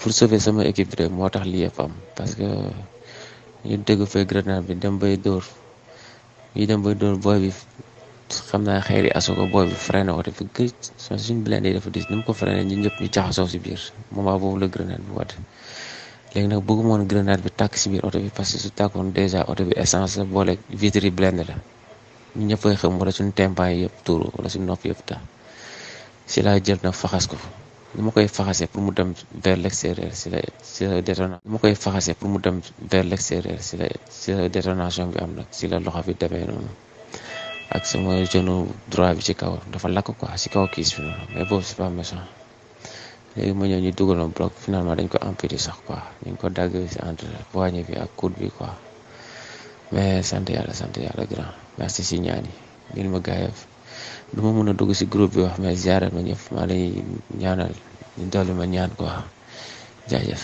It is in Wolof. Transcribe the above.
pour sauver sama équipe rek moo tax li yëpp am parce que ñu dégg fay Grenade bi dem bay door yi dem bay dóor booy bi xam naa xëyri aso ko booy bi freiné ko dafa gëj suñ blindé yi dafa dis ni mu ko freiné ñu ñëpp ñu jaxasoo si biir moment boobu la Grenade bi wadd léegi nag bëgguma woon bi tàkk si biir oto bi parce que su tàkkoon déjà oto bi essence la boole vitre yi blindé la ñu ñëpp ay xam wala suñ tempaan yi yëpp tuuru wala suñ nopp yëpp tax si laa jël nag faxas ko li ma koy faxase pour mu dem vers l'extérieur si la si la détonation li ma koy faxase pour mu dem vers l'extérieur si la ya, si la détonation bi am nag si la loxo bi demee noonu ak sama genou droit bi ci kaw dafa lakk quoi si kaw kiis bi noonu mais boobu c'est pas méchant léegi ma ñëw ñu dugaloon bloc finalement dañ ko amputé sax quoi ñu ngi ko dagg si entre poignet bi ak coude bi quoi mais sant yàlla sant yàlla grand merci si ñaan yi ngeen ma gaayaf du ma mën a dugg si groupe bi wax mais ziaral ma ñëpp maa lay ñaanal ñu dolli ma ñaan ko jaajëf